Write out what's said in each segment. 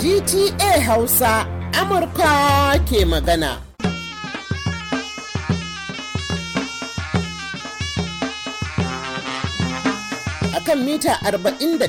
GTA Hausa Amurka ke magana. kan mita 49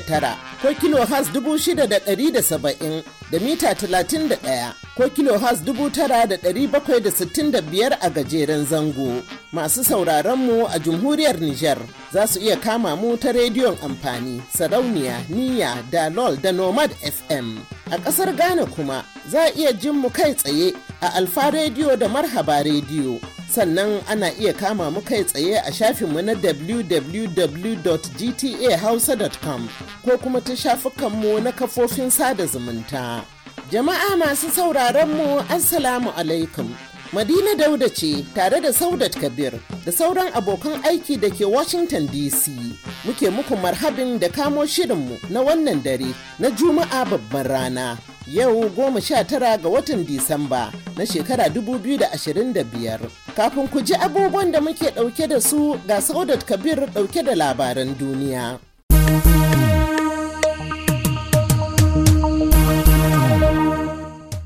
ko kilohas 6,670 da mita 31 ko kilohas 9,765 a gajeren zango. Masu sauraronmu a jamhuriyar Nijar za su iya kama mu ta rediyon amfani, sarauniya, niya, dalol da nomad FM. A ƙasar Ghana kuma za a iya jin mu kai tsaye a Alfa Rediyo da Marhaba Rediyo. sannan ana iya kama mu kai tsaye a shafinmu na www.gtahausa.com ko kuma ta shafukanmu na kafofin sada zumunta. Jama'a masu sauraron mu Assalamu alaikum. Madina Dauda ce tare da Saudat Kabir da sauran abokan aiki da ke Washington DC. Muke muku marhabin da kamo shirinmu na wannan dare na Juma'a babban rana. yau goma sha tara ga watan Disamba na shekara dubu biyu da da ashirin biyar, Kafin ku ji abubuwan da muke ɗauke da su ga Saudat Kabir ɗauke da labaran duniya.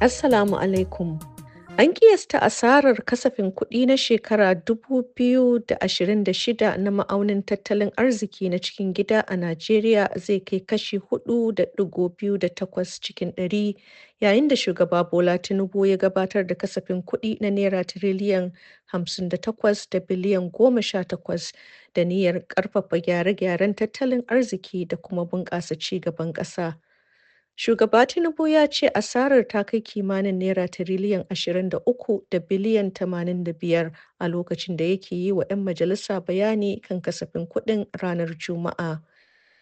Assalamu alaikum. An kiyasta asarar kasafin kuɗi na shekara 2026 na ma'aunin tattalin arziki na cikin gida a Najeriya zai kai kashi 4.28 cikin ɗari yayin da Shugaba Bola Tinubu ya gabatar da kasafin kuɗi na Naira tiriliyan 58 da biliyan 18 da niyyar ƙarfafa gyare-gyaren tattalin arziki da kuma bunƙasa ci gaban ƙasa. Shugaba Tinubu ya ce asarar ta kai kimanin Naira tiriliyan 23 da biliyan 85 a lokacin da yake yi wa 'yan majalisa bayani kan kasafin kuɗin ranar Juma'a.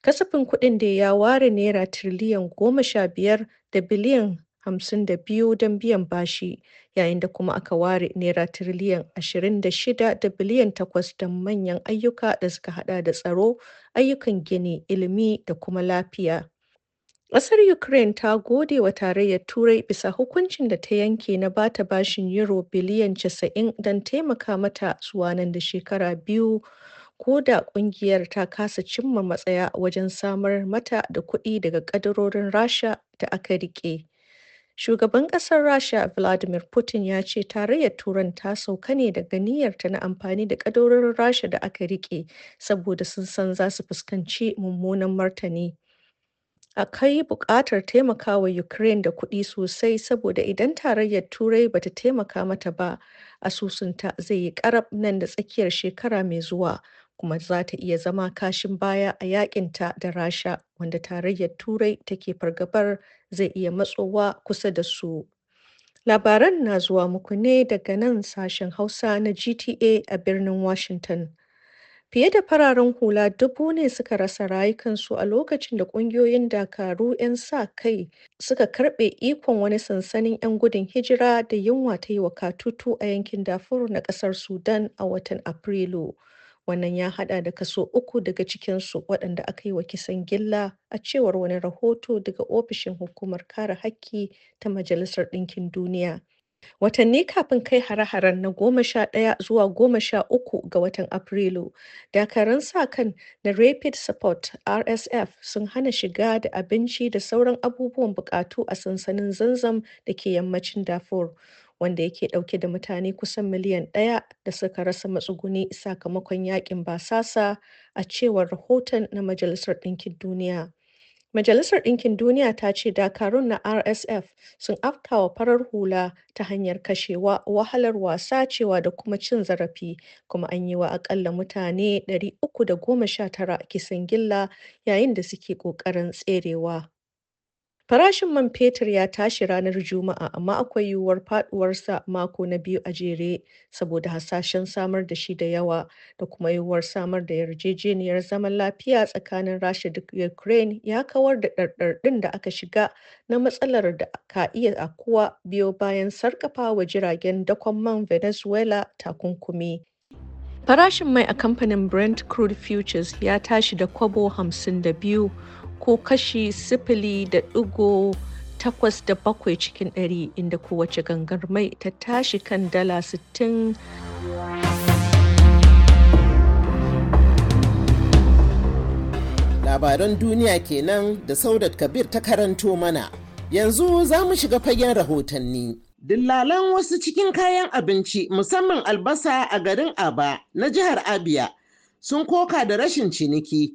Kasafin kuɗin da ya ware Naira tiriliyan 15 da biliyan 52 don biyan bashi, yayin da kuma aka ware Naira tiriliyan 26 da biliyan 8 don manyan ayyuka da suka hada da tsaro, ayyukan gini, ilimi da kuma lafiya. Ƙasar Ukraine ta gode wa Tarayyar Turai bisa hukuncin da ta yanke na ba ta bashin Euro biliyan 90 don taimaka mata zuwa nan da shekara biyu ko da ƙungiyar ta kasa cimma matsaya wajen samar mata da kuɗi daga ƙadarorin Rasha da aka riƙe. Shugaban ƙasar Rasha Vladimir Putin ya ce tarayyar Turan ta sauka ne daga niyyarta na amfani da ƙadarorin Rasha da aka riƙe saboda sun san za su fuskanci mummunan martani. Akwai buƙatar wa Ukraine da kuɗi sosai saboda idan Tarayyar Turai bata taimaka mata ba, asusunta zai yi ƙarab nan da tsakiyar shekara mai zuwa kuma za ta iya zama kashin baya a ta da Rasha, wanda Tarayyar Turai take fargabar zai iya matsowa kusa da su. Labaran na zuwa muku ne daga nan sashen Hausa na GTA a birnin Washington. Fiye da fararen hula dubu ne suka rasa rayukansu a lokacin da ƙungiyoyin dakaru 'yan sa-kai suka karɓe ikon wani sansanin 'yan gudun hijira da yunwa ta yi wa katutu a yankin dafur na ƙasar Sudan a watan Afrilu. Wannan ya hada da kaso uku daga cikinsu waɗanda aka yi wa kisan gilla a cewar wani rahoto daga ofishin Hukumar Kare Haƙƙi ta Majalisar Ɗinkin Duniya. watanni kafin kai hare-haren na goma sha ɗaya zuwa goma sha uku ga watan afrilu dakarun sa-kan na rapid support rsf sun hana shiga da abinci da sauran abubuwan bukatu a sansanin zanzam da ke yammacin darfur wanda yake dauke da mutane kusan miliyan ɗaya da suka rasa matsuguni sakamakon yakin basasa a cewar rahoton na majalisar ɗinkin duniya Majalisar Ɗinkin Duniya ta ce dakarun na RSF sun afkawa farar hula ta hanyar kashewa, wahalar wasa cewa da kuma cin zarafi, kuma an yi wa aƙalla mutane 319 kisan gilla yayin da suke ƙoƙarin tserewa. Farashin man fetur ya tashi ranar Juma'a, amma akwai yiwuwar faduwarsa mako na biyu a jere saboda hasashen samar da shi da yawa da kuma yiwuwar samar da yarjejeniyar zaman lafiya tsakanin Rasha da Ukraine ya kawar da ɗarɗarɗin da aka shiga na matsalar da ka iya akuwa biyo bayan sarƙafawa jiragen dakon man Venezuela takunkumi. Farashin mai a kamfanin Brent Crude Futures ya tashi da kwabo 52 ko kashi sifili da ɗigo takwas da bakwai cikin ɗari inda kowace gangar mai ta tashi kan dala sittin. labaran duniya kenan da saudat kabir ta karanto mana yanzu za mu shiga fagen rahotanni dillalan wasu cikin kayan abinci musamman albasa a garin aba na jihar abia sun koka da rashin ciniki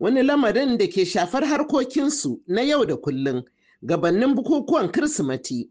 wani lamarin da ke shafar harkokinsu na yau da kullum gabannin bukukuwan Kirsimati,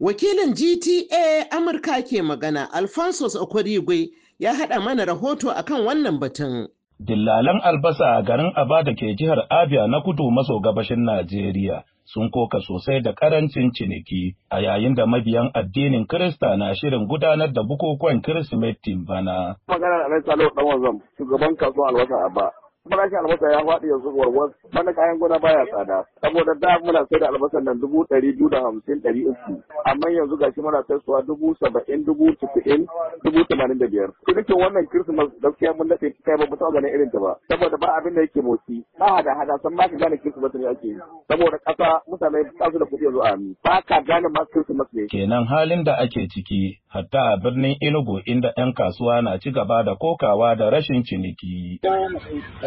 Wakilin GTA Amurka ke magana Alphonsus Okorigwe ya haɗa mana rahoto a kan wannan batun. Dillalan albasa a garin da ke jihar Abia na kudu maso gabashin Najeriya sun koka sosai da karancin ciniki a yayin da mabiyan addinin Kirista na shirin gudanar da bukukuwan Kirsimetin bana. Magana da Alhaji Ɗan Wazam, shugaban kasuwar albasa a shi albasa ya faɗi yanzu warwar bana kayan gona baya tsada saboda da muna sai da albasan nan dubu ɗari biyu da hamsin ɗari uku amma yanzu gashi muna sai suwa dubu saba'in dubu cikin dubu tamanin da biyar cinikin wannan kirsimas gaskiya mun daɗe kai ba mu taɓa ganin irin ta ba saboda ba abin da yake motsi ba hada hada san ba ka gane Kirismas ne ake yi saboda ƙasa mutane ba su da kuɗi yanzu a mi ba ka gane ma Kirismas ne. kenan halin da ake ciki hatta a birnin Enugu inda 'yan kasuwa na ci gaba da kokawa da rashin ciniki.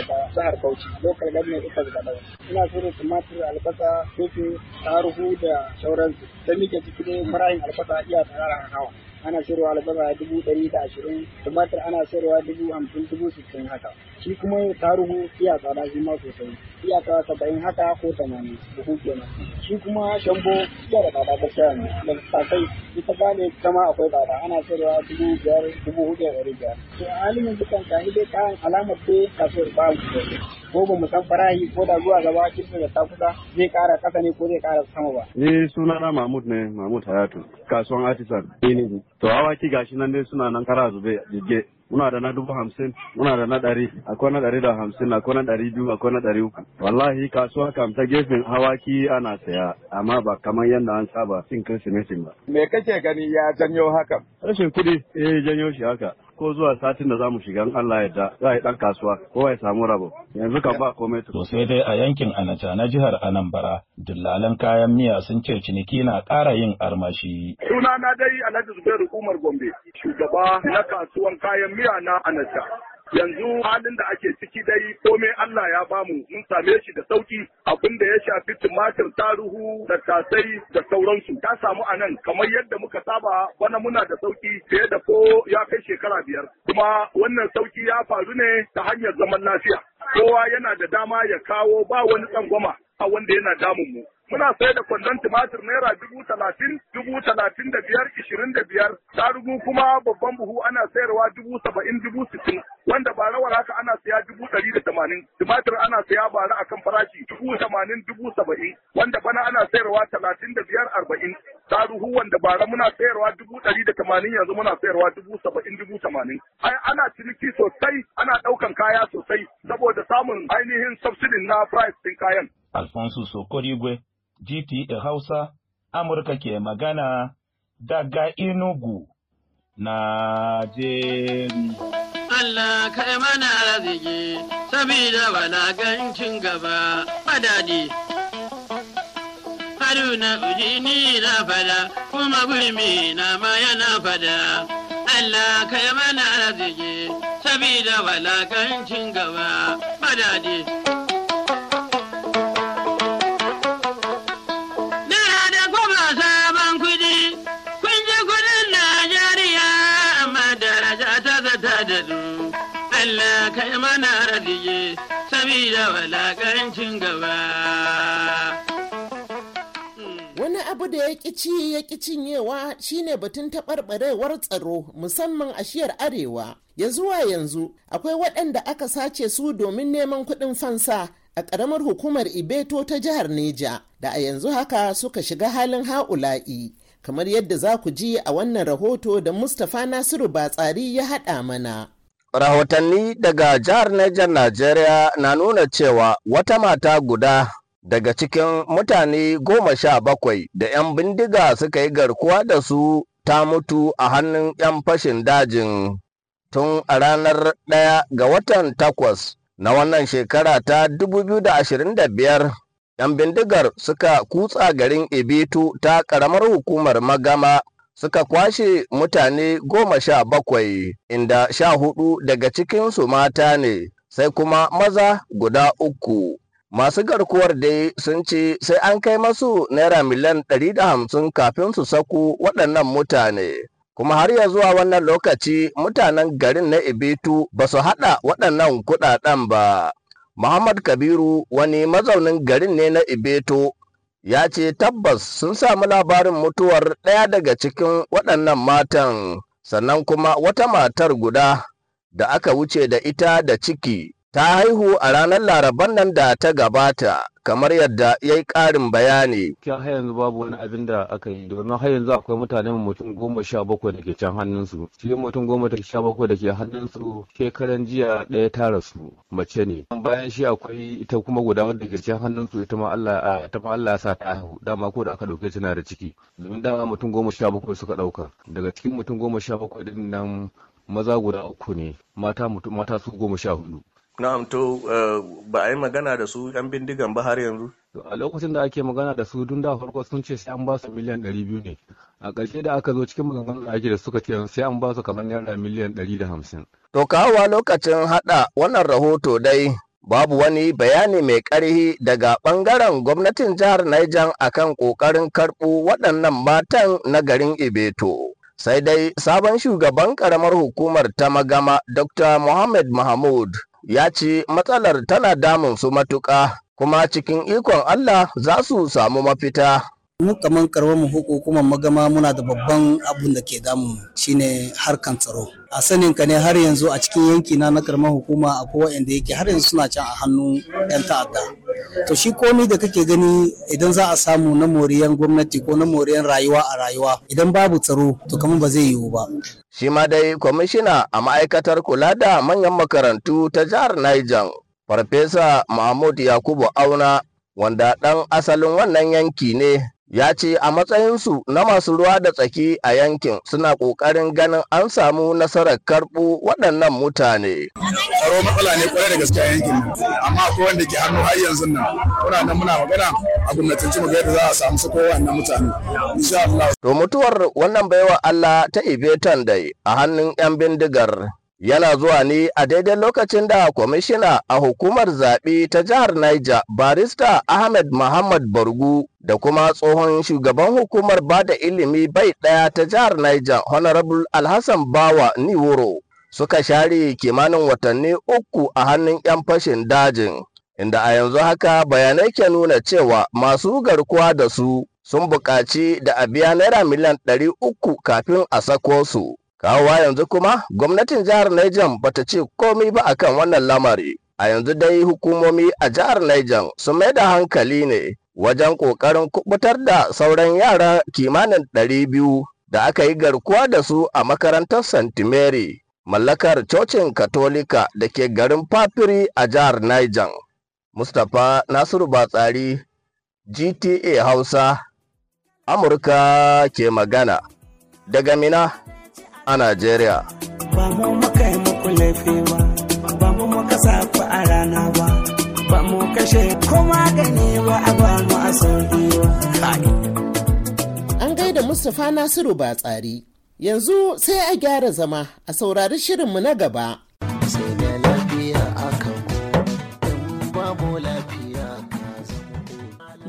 da jihar Bauchi local government ita da ina so da tumatir albasa gefe taruhu da sauransu sai muke cikin marayin albasa iya tsara hawa ana sayarwa albasa dubu ɗari da ashirin tumatir ana sayarwa dubu hamsin dubu sittin haka shi kuma ruhu, iya tsada shi ma sosai iya ta saba'in haka ko tamanin buhu kenan shi kuma shambo iya da tsada gaskiya ne da sasai ita gane kama akwai tsada ana sayarwa dubu biyar dubu hudu da ɗari biyar to alimin dukan kahi dai kayan alamar ko kasuwar ba sosai ko ba mu san farayi ko da zuwa gaba kin da ta kusa zai kara kasa ne ko zai kara sama ba. Eh suna na Mahmud ne Mahmud Hayatu kasuwan artisan. ne. To awaki gashi nan ne suna nan kara zube jirge. muna da na dubu hamsin muna da na ɗari akwai na ɗari da hamsin akwai na ɗari biyu akwai na ɗari uku wallahi kasuwa kam ta gefen hawaki ana saya amma ba kamar yadda an saba cin kirsimetin ba me kake gani ya janyo haka rashin kuɗi eh janyo shi haka ko zuwa satin da zamu shiga Allah ya da za a yi dan kasuwa kowa ya samu rabo yanzu kan ba komai to sai dai a yankin Anata na jihar Anambra dillalan kayan miya sun ce ciniki na ƙara yin armashi Suna na dai Alhaji Zubairu Umar Gombe shugaba na kasuwan kayan miya na Anata yanzu halin da ake ciki dai komai Allah ya bamu mun same shi da sauki abin da ya shafi tumatir taruhu da tasai da sauransu ta samu a nan kamar yadda muka saba bana muna da sauki fiye da ko ya kai shekara biyar kuma wannan sauki ya faru ne ta hanyar zaman lafiya kowa yana da dama ya kawo ba wani tsangwama a wanda yana damun mu muna sai da kwandon tumatir naira dubu talatin dubu talatin da biyar ishirin da biyar tarugu kuma babban buhu ana sayarwa dubu saba'in dubu sittin wanda ba rawar haka ana saya dubu ɗari da tamanin tumatir ana saya bara akan farashi dubu tamanin dubu saba'in wanda bana ana sayarwa talatin da biyar arba'in taruhu wanda bara muna sayarwa dubu ɗari da tamanin yanzu muna sayarwa dubu saba'in dubu tamanin ai ana ciniki sosai ana ɗaukan kaya sosai saboda samun ainihin subsidin na price ɗin kayan. Alfonso Sokorigwe GTA Hausa, Amurka ke magana daga Inugu, Najeriya. Allah ka yi mana arziki, sabida bala gancin gaba, madadi. Haruna ni na fada, kuma gurmi na ma yana fada. Allah ka yi mana arziki, sabida bala gancin gaba, madadi. Wani abu da ya ci ya cinyewa shine batun taɓarɓarewar tsaro musamman a shiyar arewa. Ya zuwa yanzu akwai waɗanda aka sace su domin neman kuɗin fansa a ƙaramar hukumar Ibeto ta jihar Neja da a yanzu haka suka shiga halin ha'ula'i. Kamar yadda za ku ji a wannan rahoto da Mustapha Nasiru Batsari ya haɗa mana. Rahotanni daga jihar Niger Najeriya na nuna cewa wata mata guda daga cikin mutane goma sha bakwai da 'yan bindiga suka yi garkuwa da su ta mutu a hannun 'yan fashin dajin tun a ranar ɗaya ga watan takwas na wannan shekara ta 2025 'yan bindigar suka kutsa garin ibitu ta ƙaramar hukumar magama suka kwashe mutane goma sha bakwai inda sha hudu daga cikinsu mata ne sai kuma maza guda uku. Masu garkuwar dai sun ce sai an kai masu naira miliyan hamsin kafin su saku waɗannan mutane. Kuma har ya zuwa wannan lokaci mutanen garin na Ibitu ba su haɗa waɗannan kuɗaɗen ba. Muhammad Kabiru wani mazaunin garin ne na Ibeto ya ce tabbas sun samu labarin mutuwar ɗaya daga cikin waɗannan matan sannan kuma wata matar guda da aka wuce da ita da ciki ta haihu a ranar laraban nan da ta gabata kamar yadda ya yi ƙarin bayani. Kyan har yanzu babu wani abin da aka yi domin har yanzu akwai mutane mutum goma sha bakwai da ke can hannunsu. Cikin mutum goma da sha bakwai da ke hannunsu shekaran jiya ɗaya ta rasu mace ne. Bayan shi akwai ita kuma guda wadda ke can hannunsu ita ma Allah ita ma Allah sa ta haihu dama ko da aka ɗauke tana da ciki. Domin dama mutum goma sha bakwai suka ɗauka. Daga cikin mutum goma sha bakwai ɗin nan maza guda uku ne mata mata su goma sha hudu na'am to eh, ba a yi magana da su yan bindigan ba har yanzu a lokacin da ake magana da su dun da farko sun ce sai an ba su miliyan 200 ne a ƙarshe da aka zo cikin maganganu da ake da suka ce sai an ba su kamar naira miliyan 150 to kawo lokacin hada wannan rahoto dai babu wani bayani mai ƙarhi daga ɓangaren gwamnatin jihar Niger akan ƙoƙarin karɓo waɗannan matan na garin Ibeto. Sai dai sabon shugaban ƙaramar hukumar ta magama Dr. Mohammed Mahmud ya ce matsalar tana damun su matuƙa kuma cikin ikon Allah za su samu mafita. mu kaman karɓar mu hukumar magama muna da babban abun da ke damu shine harkan tsaro a sanin ka ne har yanzu a cikin yanki na na karamar hukuma akwai waɗanda yake har yanzu suna can a hannun 'yan ta'adda to shi komai da kake gani idan za a samu na moriyan gwamnati ko na moriyan rayuwa a rayuwa idan babu tsaro to kamar ba zai yiwu ba shi ma dai kwamishina a ma'aikatar kula da manyan makarantu ta jihar Niger farfesa mahmud yakubu auna wanda ɗan asalin wannan yanki ne ya ce a matsayinsu na masu ruwa da tsaki a yankin suna ƙoƙarin ganin an samu nasarar karɓo waɗannan mutane. tsaro matsala ne kwarai da gaske a yankin amma akwai wanda ke hannu har yanzu nan muna nan muna magana a gwamnatin mu yadda za a samu su kowa na mutane to mutuwar wannan baiwa Allah ta Ibetan dai a hannun 'yan bindigar yana zuwa ne a daidai lokacin da kwamishina a hukumar zaɓe ta jihar Niger barista Ahmed Muhammad Bargu da kuma tsohon shugaban hukumar bada ilimi bai ɗaya ta jihar Niger Honorable Alhassan Bawa Niworo suka share kimanin watanni uku a hannun 'yan fashin dajin inda a yanzu haka bayanai ke nuna cewa masu garkuwa da su sun buƙaci da a biya naira miliyan ɗari uku kafin a sako su. kawowa yanzu kuma gwamnatin jihar Niger bata ce komai ba akan wannan lamari a yanzu dai hukumomi a jihar Niger sun mai da hankali ne wajen ƙoƙarin kubutar da sauran yara kimanin ɗari biyu da aka yi garkuwa da su a makarantar St. Mary mallakar cocin katolika da ke garin papiri a jihar Niger. Mustapha Nasiru Batsari GTA Hausa Amurka ke magana daga Mina a Najeriya. Ba mu muka yi muku laifi ba, ba mu muka safa a rana ba, ba mu kashe ko magani ba a ba mu a sauki ba. An gaida Mustapha Nasiru Batsari, yanzu sai a gyara zama a saurari shirinmu na gaba.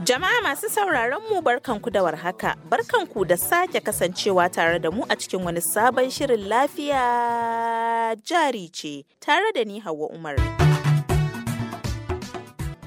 Jama'a masu sauraron mu ku da warhaka, barkan ku da sake kasancewa tare da mu a cikin wani sabon shirin lafiya jari ce tare da ni Hauwa Umar.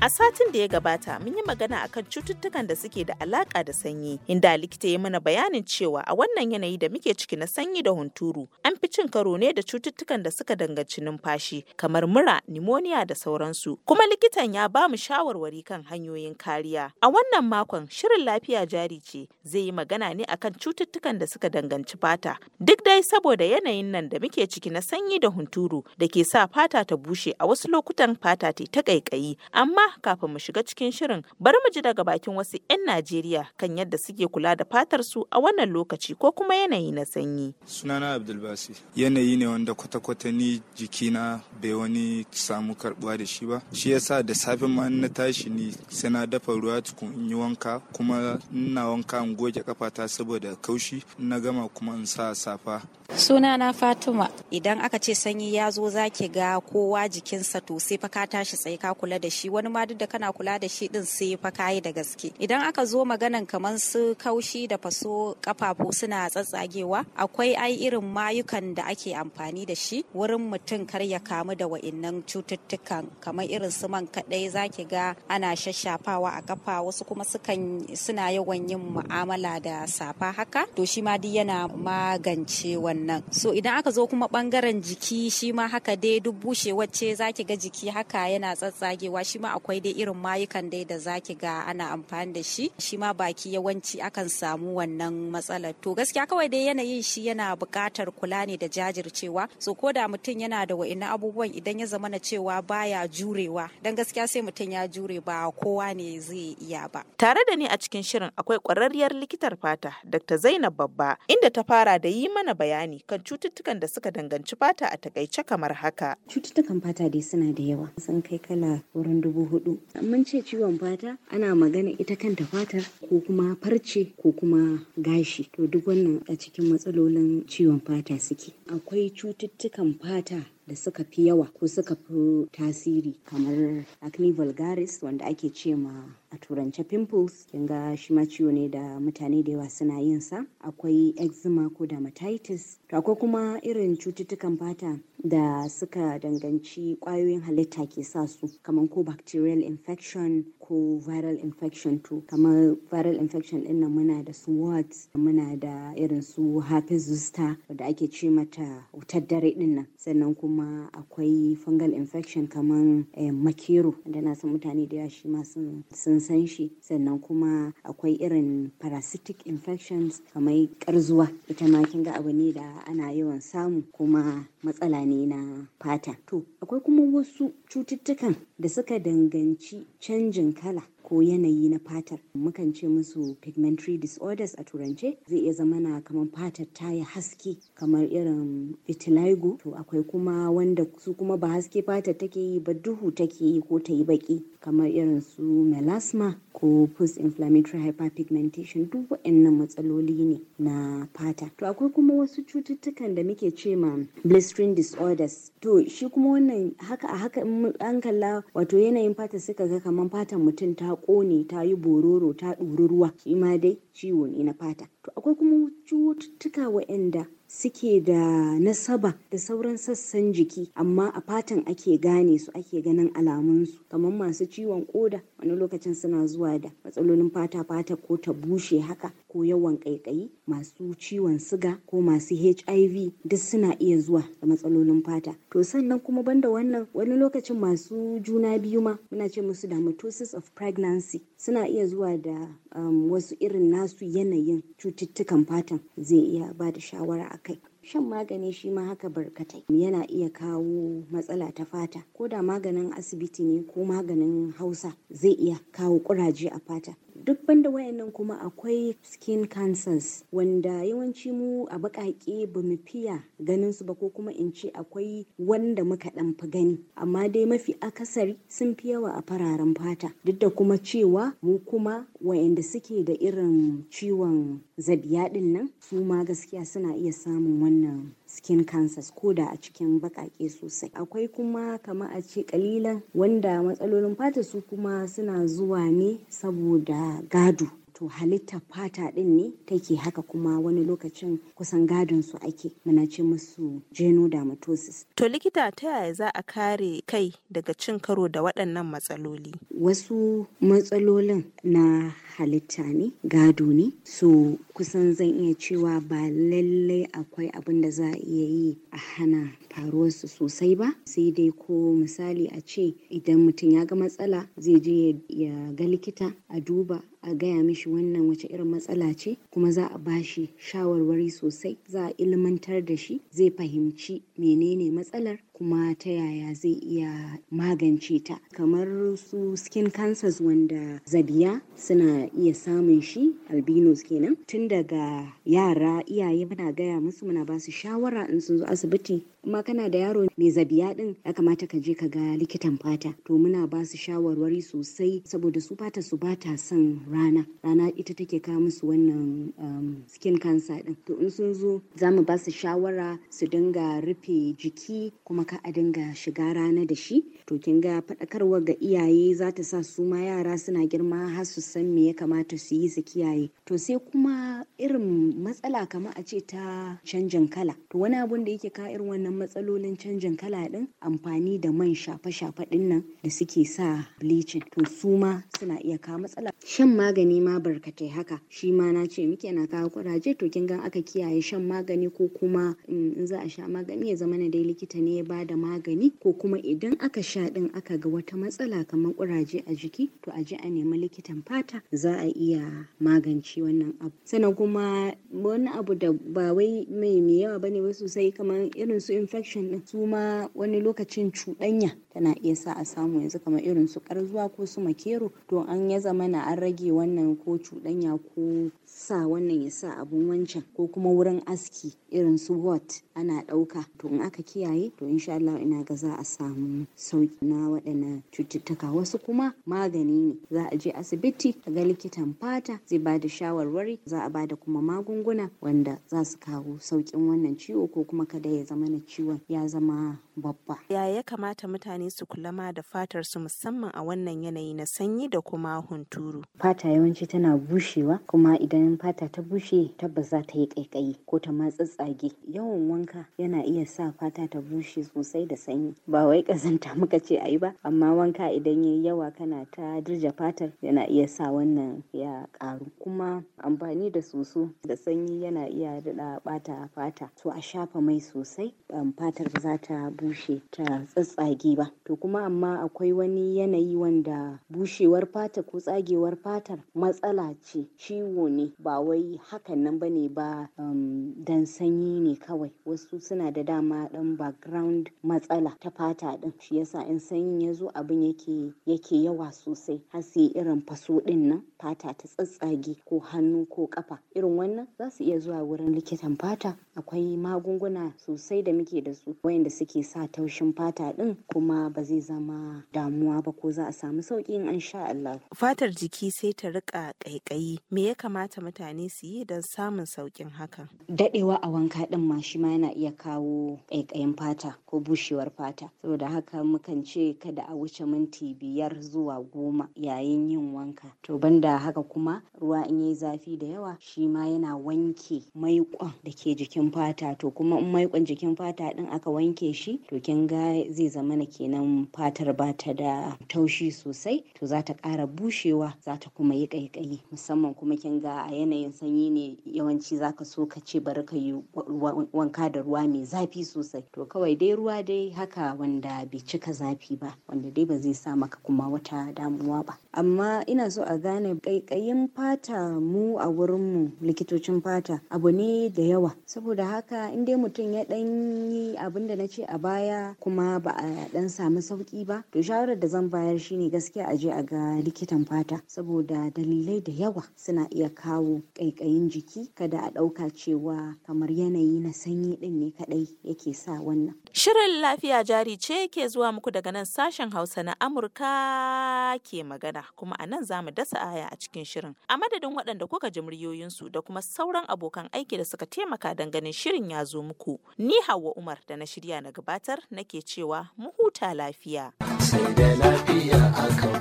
A satin da ya gabata mun yi magana akan cututtukan da suke da alaƙa da sanyi, inda likita ya mana bayanin cewa a wannan yanayi da muke ciki na sanyi da hunturu, an fi cin karo ne da cututtukan da suka danganci numfashi, kamar mura, nimoniya da sauransu. Kuma likitan ya ba mu shawarwari kan hanyoyin kariya. A wannan makon shirin lafiya jari ce zai yi magana ne akan cututtukan da suka danganci fata. Duk dai saboda yanayin nan da muke ciki na sanyi da hunturu da ke sa fata ta bushe a wasu lokutan fata ta kaikayi, amma kafin mu shiga cikin shirin bari mu ji daga bakin wasu 'yan Najeriya kan yadda suke kula da fatar su a wannan lokaci ko kuma yanayi na sanyi. Sunana Abdulbasi yanayi ne wanda kwata-kwata ni jikina bai wani samu karbuwa da shi ba. Shi yasa da safe ma na tashi ni sai na dafa ruwa tukun in yi wanka kuma ina wanka in goge kafata saboda kaushi na gama kuma in sa safa Suna na Fatima. Idan aka ce sanyi ya zo za ki ga kowa jikinsa to sai fa ka tashi tsaye ka kula da shi wani ma duk da kana kula da shi din sai fa ka yi da gaske. Idan aka zo maganan kamar su kaushi da faso kafafu suna tsatsagewa akwai ai irin mayukan da ake amfani da shi wurin mutum kar ya kamu da wa'innan cututtukan kamar irin su man kadai za ki ga ana shashafawa a kafa wasu kuma sukan suna yawan yin mu'amala da safa haka to shi ma duk yana magance wannan so idan aka zo kuma bangaren jiki shi ma haka dai duk bushe wacce zaki ga jiki haka yana tsatsagewa shi ma akwai dai irin mayukan dai da zaki ga ana amfani da shi shi ma baki yawanci akan samu wannan matsalar to gaskiya kawai dai yanayin shi yana buƙatar kula ne da jajircewa so ko da mutum yana da wa'in abubuwan idan ya zama na cewa baya jurewa dan gaskiya sai mutum ya jure ba kowa ne zai iya ba tare da ni a cikin shirin akwai kwararriyar likitar fata dr zainab babba inda ta fara da yi mana bayani bayani kan cututtukan da suka danganci fata a takaice kamar haka. Cututtukan fata dai suna da yawa sun kai kala wurin dubu hudu. Mun ce ciwon fata ana magana ita kanta fata ko kuma farce ko kuma gashi to duk wannan a cikin matsalolin ciwon fata suke. Akwai cututtukan fata da suka fi yawa ko suka fi tasiri kamar acne vulgaris wanda ake ce ma a turance pimples kin ga shi ma ciwo ne da mutane da yawa suna yin sa akwai eczema ko dermatitis to akwai kuma irin cututtukan fata da suka danganci ƙwayoyin halitta ke sa su kamar ko bacterial infection ko viral infection to kamar viral infection din nan muna da su wards muna da irin su herpes zoster da ake ce mata wutar dare din nan sannan kuma akwai fungal infection kamar eh, makero da na san mutane da yashi shi sun san shi sannan kuma akwai irin parasitic infections kamar karzuwa ita ma kin ga abu ne da ana yawan samu kuma matsala ne na fata to akwai kuma wasu cututtukan da suka danganci canjin 开了。ko yanayi na fatar mukan ce musu pigmentary disorders a turance zai iya zama na kamar fatar ta yi haske kamar irin vitiligo to akwai kuma wanda su kuma ba haske fatar take yi ba duhu take yi ko ta yi baki kamar irin su melasma ko post inflammatory hyperpigmentation duk waɗannan matsaloli ne na fata to akwai kuma wasu cututtukan da muke ce ma blistering disorders to shi kuma wannan haka a haka an kalla wato yanayin fata suka ga kamar fatan mutum ta ƙone ta yi bororo ta ɗori ruwa shi ma dai ciwo ne na fata to akwai kuma cututtuka waɗanda suke da nasaba da sauran sassan jiki amma a fatan ake gane su ake ganin alamunsu kamar masu ciwon koda wani lokacin suna zuwa da matsalolin fata fata ko ta bushe haka ko yawan ƙaiƙayi masu ciwon siga ko masu hiv duk suna iya zuwa da matsalolin fata to sannan kuma banda wannan wani lokacin masu juna biyu ma muna ce musu da mitosis of pregnancy suna iya zuwa da um, wasu irin nasu yanayin cututtukan fatan zai iya ba da shawara a kai shan magani shi ma haka barkatai yana iya kawo matsala ta fata ko da maganin asibiti ne ko maganin hausa zai iya kawo kuraje a fata duk banda wayannan kuma akwai skin cancers wanda yawanci mu a baƙaƙe ba mu fiya ganin su ba ko kuma in ce akwai wanda muka ɗanfi fi gani amma dai mafi akasari sun fi yawa a fararen fata duk da kuma cewa mu kuma wayanda suke da irin ciwon zabiya ɗin nan su ma gaskiya suna iya samun wannan skin cancers ko da a cikin bakake sosai akwai kuma kama a ce kalilan wanda matsalolin fata su kuma suna zuwa ne saboda gado to halitta fata din ne take haka kuma wani lokacin kusan gadon su ake muna ce musu genodermatosis. To likita ta yaya za a kare kai daga cin karo da waɗannan matsaloli? Wasu matsalolin na halitta ne gado ne so kusan zan iya cewa ba lallai akwai abin da za a iya yi a hana faruwarsu sosai ba sai dai ko misali a ce idan mutum ya ga matsala zai je ya ga likita a duba a gaya mishi wannan wace irin matsala ce kuma za a bashi shawarwari sosai za a ilmantar da shi zai fahimci menene matsalar kuma ta yaya zai iya magance ta kamar su skin cancers wanda zabiya suna iya samun shi albinos kenan tun daga yara iyaye muna gaya musu muna ba su shawara in sun zo asibiti amma kana da yaro mai zabiya din ya kamata ka je ka ga likitan fata to muna ba su shawarwari sosai saboda su fata su ba ta son rana rana ita take kawo musu wannan um, skin cancer din to in sun zo za mu ba su shawara su dinga rufe jiki kuma ka a dinga shiga rana da shi to kin ga faɗakarwa ga iyaye za ta sa su ma yara suna girma har su san me ya kamata su yi su kiyaye to sai kuma irin matsala kamar a ce ta canjin kala to wani abun da yake ka irin wannan matsalolin canjin kala din amfani da man shafe-shafe din nan da suke sa bleaching to su ma suna iya kawo matsala shan magani ma barkatai haka shi ma na ce muke na kawo kuraje to kin ga aka kiyaye shan magani ko kuma in za a sha magani ya zama na dai likita ne ya ba ba da magani ko kuma idan aka sha ɗin aka ga wata matsala kamar kuraje a jiki to a ji a nemi likitan fata za a iya magance wannan abu sannan kuma wani abu da ba wai mai mai yawa bane ba sosai kamar irin su infection din su ma wani lokacin cuɗanya tana iya sa a samu yanzu kamar irin su karzuwa ko su makero to an ya zama na an rage wannan ko cuɗanya ko sa wannan ya sa abun wancan ko kuma wurin aski irin su what ana ɗauka to in aka kiyaye to in insha Allah ina ga za a samu sauki na waɗannan cututtuka wasu kuma magani ne za a je asibiti a ga likitan fata zai ba da shawarwari za a ba da kuma magunguna wanda za su kawo sauƙin wannan ciwo ko kuma kada ya zama na ciwon ya zama babba ya ya kamata mutane su kula ma da fatar su musamman a wannan yanayi na sanyi da kuma hunturu fata yawanci tana bushewa kuma idan fata ta bushe tabbas za ta yi ƙaiƙayi ko ta matsatsage yawan wanka yana iya sa fata ta bushe sosai da sanyi ba wai kazanta muka ce ayi ba amma wanka idan yayi yawa kana ta dirja fatar yana iya sa wannan ya karu kuma amfani da soso da sanyi yana iya daɗa bata fata to a shafa mai sosai um, fatar ba za ta bushe ta tsatsage ba to kuma amma akwai wani yanayi wanda bushewar fata ko tsagewar fatar matsala ce ciwo ne ba wai hakan nan bane ba um, dan sanyi ne kawai wasu suna da dama dan background matsala ta fata din shi yasa in sanyin ya zo abin yake yake yawa sosai har su yi irin faso din nan fata ta tsatsage ko hannu ko kafa irin wannan za su iya zuwa wurin likitan fata akwai magunguna sosai da muke da su wayanda suke sa taushin fata din kuma ba zai zama damuwa ba ko za a samu sauki in an sha Allah fatar jiki sai ta rika kaikayi me ya kamata mutane su yi don samun saukin hakan dadewa a wanka din ma shi ma yana iya kawo kaikayin fata ko bushewar fata saboda haka mukan ce kada a wuce minti biyar zuwa goma yayin yin wanka to banda haka kuma ruwa in yi zafi da yawa shi ma yana wanke maiƙon da ke jikin fata to kuma in maikon jikin fata din aka wanke shi to kin ga zai zama na kenan fatar ba ta da taushi sosai to za ta ƙara bushewa za ta kuma yi ƙaiƙayi musamman kuma kin ga a yanayin sanyi ne yawanci zaka so ka ce bari ka yi wanka da ruwa mai zafi sosai to kawai dai ruwa dai haka wanda bai cika zafi ba wanda dai ba zai sa maka kuma wata damuwa ba amma ina so a gane ƙaiƙayin fata mu a wurinmu likitocin fata abu ne da yawa saboda haka in dai mutum ya ɗan yi abin da na ce a baya kuma ba a ɗan samu sauki ba to shawarar da zan bayar shine gaskiya a je a ga likitan fata saboda dalilai da yawa suna iya kawo ƙaiƙayin jiki kada a ɗauka cewa kamar yanayi na sanyi ɗin ne kaɗai yake sa wannan Shirin lafiya jari ce ke zuwa muku daga nan sashen Hausa na Amurka ke magana kuma a nan za mu dasa aya a cikin shirin. A madadin waɗanda kuka ji muryoyinsu da kuma sauran abokan aiki da suka taimaka don ganin shirin ya zo muku. Ni Hauwa Umar da na shirya na gabatar nake cewa mu huta lafiya. Sai da lafiya aka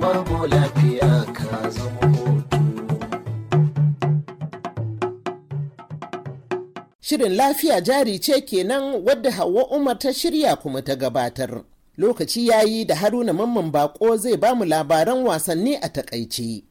babu lafiya ka zama. Shirin lafiya jari ce kenan wadda Hauwa Umar ta shirya kuma ta gabatar. Lokaci yayi da Haruna Mamman Bako zai bamu labaran wasanni a takaice.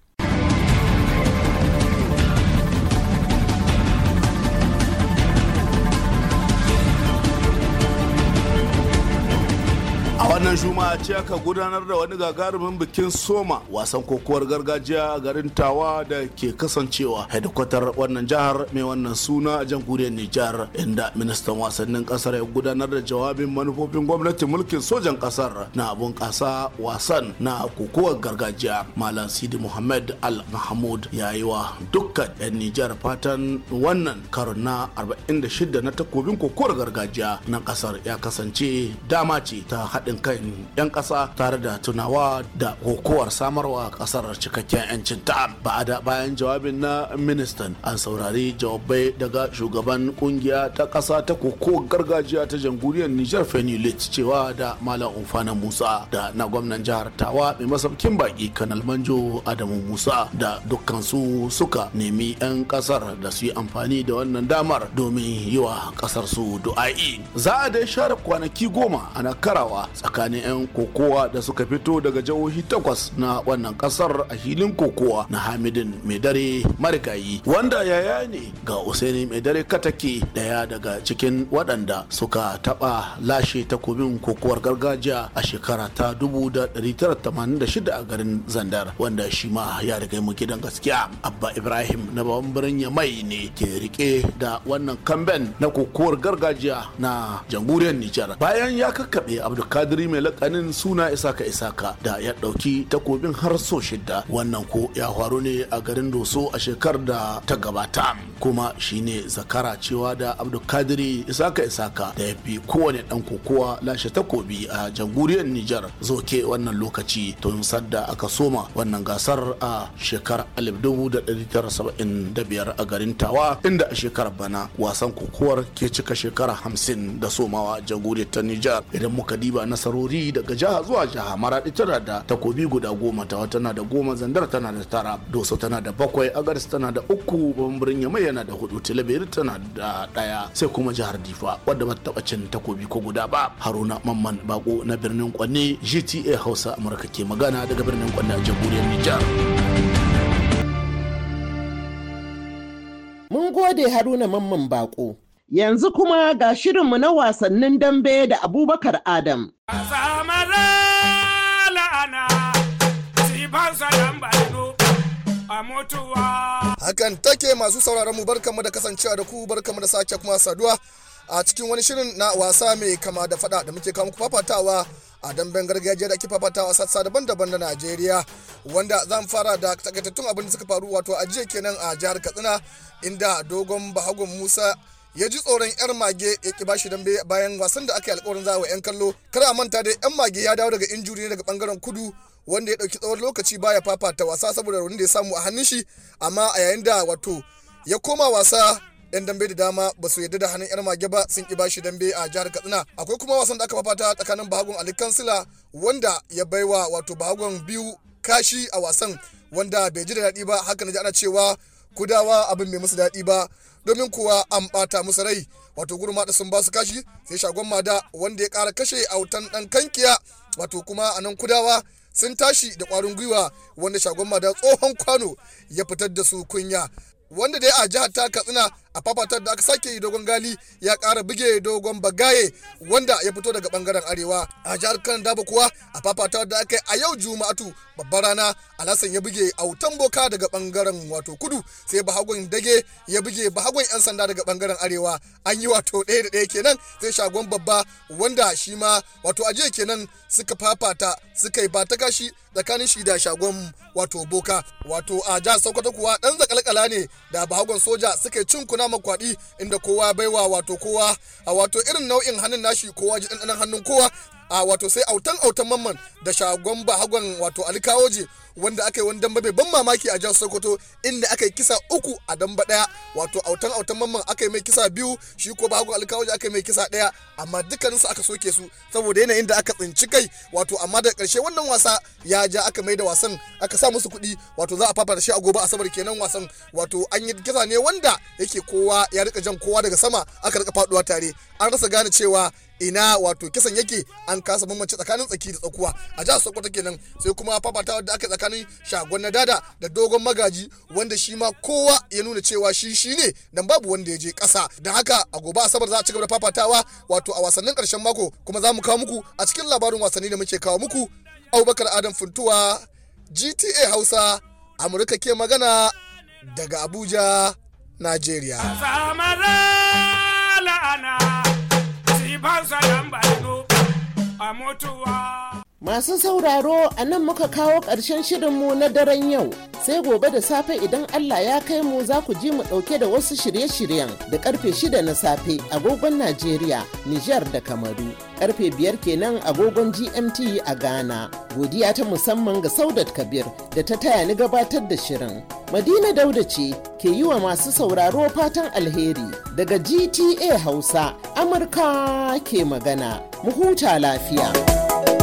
wannan juma'a ce aka gudanar da wani gagarumin bikin soma wasan kokowar gargajiya a garin tawa da ke kasancewa hedikwatar wannan jihar mai wannan suna a jamhuriyar nijar inda ministan wasannin kasar ya gudanar da jawabin manufofin gwamnatin mulkin sojan kasar na bunƙasa wasan na kokowar gargajiya malam sidi muhammad al mahmud ya yi wa dukkan 'yan nijar fatan wannan karon na 46 na takobin kokowar gargajiya na kasar ya kasance dama ce ta haɗin kai 'yancin 'yan ƙasa tare da tunawa da kokowar samarwa ƙasar cikakken 'yancin ta ba a da bayan jawabin na ministan an saurari jawabai daga shugaban kungiya ta ƙasa ta kokowar gargajiya ta jamhuriyar nijar fenulit cewa da malam umfana musa da na gwamnan jihar tawa mai masaukin baki kanal manjo adamu musa da dukkansu suka nemi 'yan ƙasar da su yi amfani da wannan damar domin yi wa ƙasar su du'a'i za a dai share kwanaki goma ana karawa tsakanin tsakanin 'yan kokowa da suka fito daga jihohi takwas na wannan kasar a hilin kokowa na hamidin mai maidare marigayi wanda yaya ne ga usaini maidare katake daya daga cikin waɗanda suka taɓa lashe takobin kokowar gargajiya a shekara ta 1986 a garin zandar wanda shi ma ya riga mu gidan gaskiya abba ibrahim na babban birnin mai ne ke rike da wannan kamben na kokowar gargajiya na jamhuriyar nijar bayan ya kakkaɓe abdulkadir mai lakanin suna isaka isaka da ya ɗauki takobin har so shida wannan ko ya faru ne a garin doso a shekar da ta gabata kuma shine zakara cewa da abdulkadiri isaka isaka da ya fi kowane ɗan kokowa lashe takobi a jamhuriyar nijar zoke wannan lokaci tun sadda aka soma wannan gasar a shekarar 1975 a garin tawa inda a shekarar bana wasan kokowar ke cika shekara hamsin da somawa jamhuriyar ta nijar idan muka diba nasaru. nasarori daga jiha zuwa jiha maradi tana da takobi guda goma tawa tana da goma zandar tana da tara doso tana da bakwai agaris tana da uku bambirin yamai yana da hudu tilabiri tana da daya sai kuma jihar difa wadda bata taba cin takobi ko guda ba haruna mamman bako na birnin kwanne gta hausa amurka ke magana daga birnin kwanne a jamhuriyar nijar mun gode haruna mamman bako Yanzu kuma ga shirinmu na wasannin dambe da Abubakar Adam. Hakan take masu sauraron mu barkanmu da kasancewa da ku barkanmu da sake kuma saduwa a cikin wani shirin na wasa mai kama da fada da muke kawo muku fafatawa a damben gargajiya da ake fafatawa sassa daban-daban na Najeriya wanda zan fara da takaitattun abin da suka faru wato a jiya kenan a jihar Katsina inda dogon bahagon Musa ya ji tsoron yar mage ya ki bashi dambe bayan wasan da aka yi alkawarin za wa yan kallo kada manta da yan mage ya dawo daga injuri ne daga bangaren kudu wanda ya dauki tsawon lokaci baya fafata wasa saboda rauni da ya samu a hannun shi amma a yayin da wato ya koma wasa yan dambe da dama ba su yarda da hannun yar mage ba sun ki bashi dambe a jihar katsina akwai kuma wasan da aka fafata tsakanin bahagon ali kansila wanda ya baiwa wato bahagon biyu kashi a wasan wanda bai ji da daɗi ba haka na ji ana cewa kudawa abin bai musu daɗi ba domin kuwa an ɓata musu rai wato gurma da sun ba su kashi sai shagon mada wanda ya ƙara kashe a wutan ɗan kankiya wato kuma a nan kudawa sun tashi da ƙwarin gwiwa wanda shagon mada tsohon kwano ya fitar da su kunya wanda dai a jihar ta katsina a fafatar da aka sake yi dogon gali ya kara buge dogon bagaye wanda ya fito daga bangaren arewa a jihar kan daba kuwa a fafatar da aka yi a yau juma'atu babbar rana alhassan ya buge autan boka daga bangaren wato kudu sai bahagon dage ya buge bahagon yan sanda daga bangaren arewa an yi wato ɗaya da ɗaya kenan sai shagon babba wanda shi ma wato ajiya kenan suka fafata suka yi ba ta kashi tsakanin shi da shagon wato boka wato a jihar sokoto kuwa ɗan zakalkala ne da bahagon soja suka yi cinkuna nama kwaɗi inda kowa baiwa wato kowa a wato irin nau'in hannun nashi kowa ji ɗanɗanon hannun kowa a wato sai autan autan mamman da shagon bahagon wato alikawoje wanda aka yi wani damba mai ban mamaki a jihar sokoto inda aka yi kisa uku a damba daya wato autan autan mamman aka yi mai kisa biyu shi ko ba bahagun alkawaji aka yi mai kisa daya amma su aka soke su saboda yanayin da aka tsinci kai wato amma da karshe wannan wasa ya ja aka mai da wasan aka sa musu kuɗi wato za a fafata shi a gobe asabar kenan wasan wato an yi kisa ne wanda yake kowa ya rika jan kowa daga sama aka rika faduwa tare an rasa gane cewa ina wato kisan yake an kasa bambance tsakanin tsaki da tsakuwa a jihar sokoto kenan sai kuma fafatawa da aka tsakanin tsakanin shagon na dada da dogon magaji wanda shi ma kowa ya nuna cewa shi shi ne dan babu wanda ya je ƙasa da haka a gobe asabar za a ci gaba da fafatawa wato a wasannin ƙarshen mako kuma za mu kawo muku a cikin labarin wasanni da muke kawo muku abubakar adam funtuwa gta hausa amurka ke magana daga abuja nigeria a mutuwa Masu sauraro a nan muka kawo ƙarshen shirinmu na daren yau. Sai gobe da safe idan Allah ya kai mu za ku ji mu ɗauke da wasu shirye-shiryen da karfe shida na safe agogon Najeriya, Nijar da Kamaru. Karfe biyar kenan agogon GMT a Ghana. Godiya ta musamman ga Saudat Kabir da ta taya ni gabatar da shirin. Madina Dauda ce ke yi wa masu sauraro fatan alheri daga GTA Hausa, Amurka ke magana. Mu huta lafiya.